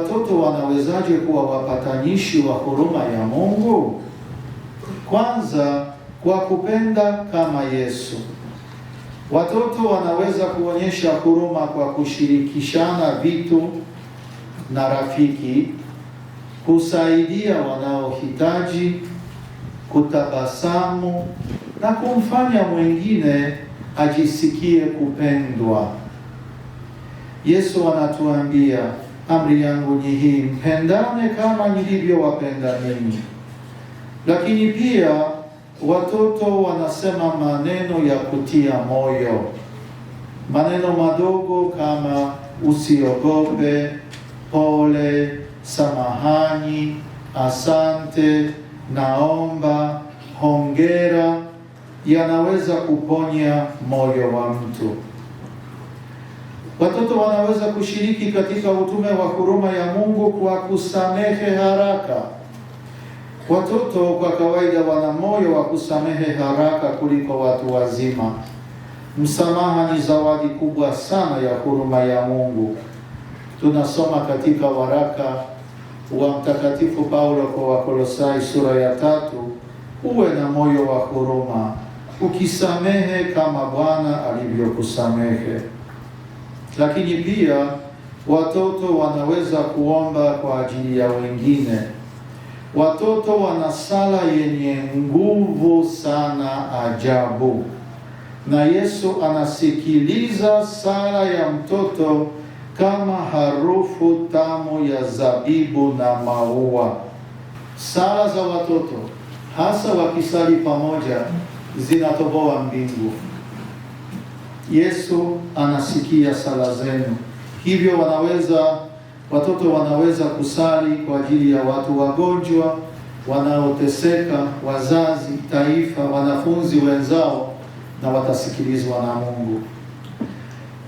watoto wanawezaje kuwa wapatanishi wa huruma ya Mungu? Kwanza, kwa kupenda kama Yesu. Watoto wanaweza kuonyesha huruma kwa kushirikishana vitu na rafiki, kusaidia wanaohitaji, kutabasamu na kumfanya mwingine ajisikie kupendwa. Yesu anatuambia Amri yangu ni hii, mpendane kama nilivyowapenda ninyi. Lakini pia watoto wanasema maneno ya kutia moyo, maneno madogo kama usiogope, pole, samahani, asante, naomba, hongera yanaweza kuponya moyo wa mtu. Watoto wanaweza kushiriki katika utume wa huruma ya Mungu kwa kusamehe haraka. Watoto kwa kawaida wana moyo wa kusamehe haraka kuliko watu wazima. Msamaha ni zawadi kubwa sana ya huruma ya Mungu. Tunasoma katika waraka wa Mtakatifu Paulo kwa Wakolosai sura ya tatu, uwe na moyo wa huruma ukisamehe kama Bwana alivyokusamehe lakini pia watoto wanaweza kuomba kwa ajili ya wengine. Watoto wana sala yenye nguvu sana, ajabu, na Yesu anasikiliza sala ya mtoto kama harufu tamu ya zabibu na maua. Sala za watoto hasa wakisali pamoja zinatoboa mbingu. Yesu anasikia sala zenu, hivyo wanaweza watoto wanaweza kusali kwa ajili ya watu wagonjwa, wanaoteseka, wazazi, taifa, wanafunzi wenzao, na watasikilizwa na Mungu.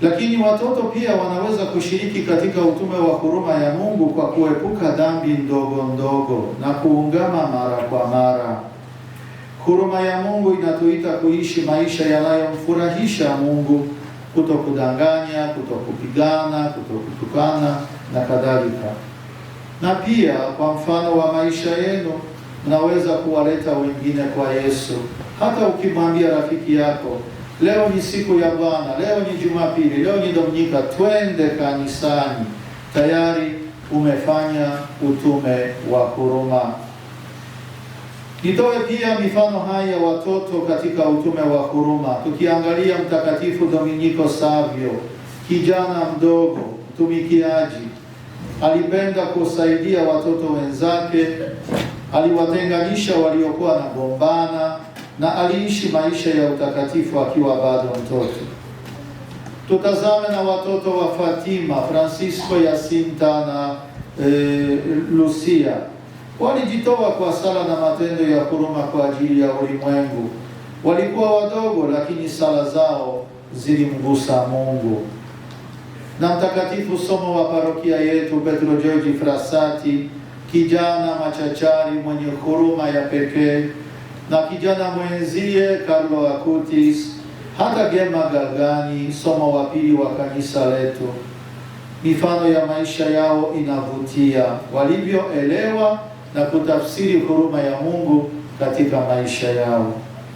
Lakini watoto pia wanaweza kushiriki katika utume wa huruma ya Mungu kwa kuepuka dhambi ndogo ndogo na kuungama mara kwa mara. Huruma ya Mungu inatuita kuishi maisha yanayomfurahisha Mungu, kutokudanganya, kutokupigana, kutokutukana na kadhalika. Na pia kwa mfano wa maisha yenu mnaweza kuwaleta wengine kwa Yesu. Hata ukimwambia rafiki yako, leo ni siku ya Bwana, leo ni Jumapili, leo ni Dominika, twende kanisani, tayari umefanya utume wa huruma. Nitoe pia mifano haya ya watoto katika utume wa huruma, tukiangalia Mtakatifu Dominiko Savio, kijana mdogo mtumikiaji, alipenda kusaidia watoto wenzake, aliwatenganisha waliokuwa na gombana na aliishi maisha ya utakatifu akiwa bado mtoto. Tutazame na watoto wa Fatima, Francisco, Yasinta na e, Lucia Walijitoa kwa sala na matendo ya huruma kwa ajili ya ulimwengu. Walikuwa wadogo, lakini sala zao zilimgusa Mungu. Na mtakatifu somo wa parokia yetu Petro George Frassati, kijana machachari mwenye huruma ya pekee, na kijana mwenzie Carlo Acutis hata Gema Galgani, somo wa pili wa kanisa letu. Mifano ya maisha yao inavutia, walivyoelewa na kutafsiri huruma ya Mungu katika maisha yao.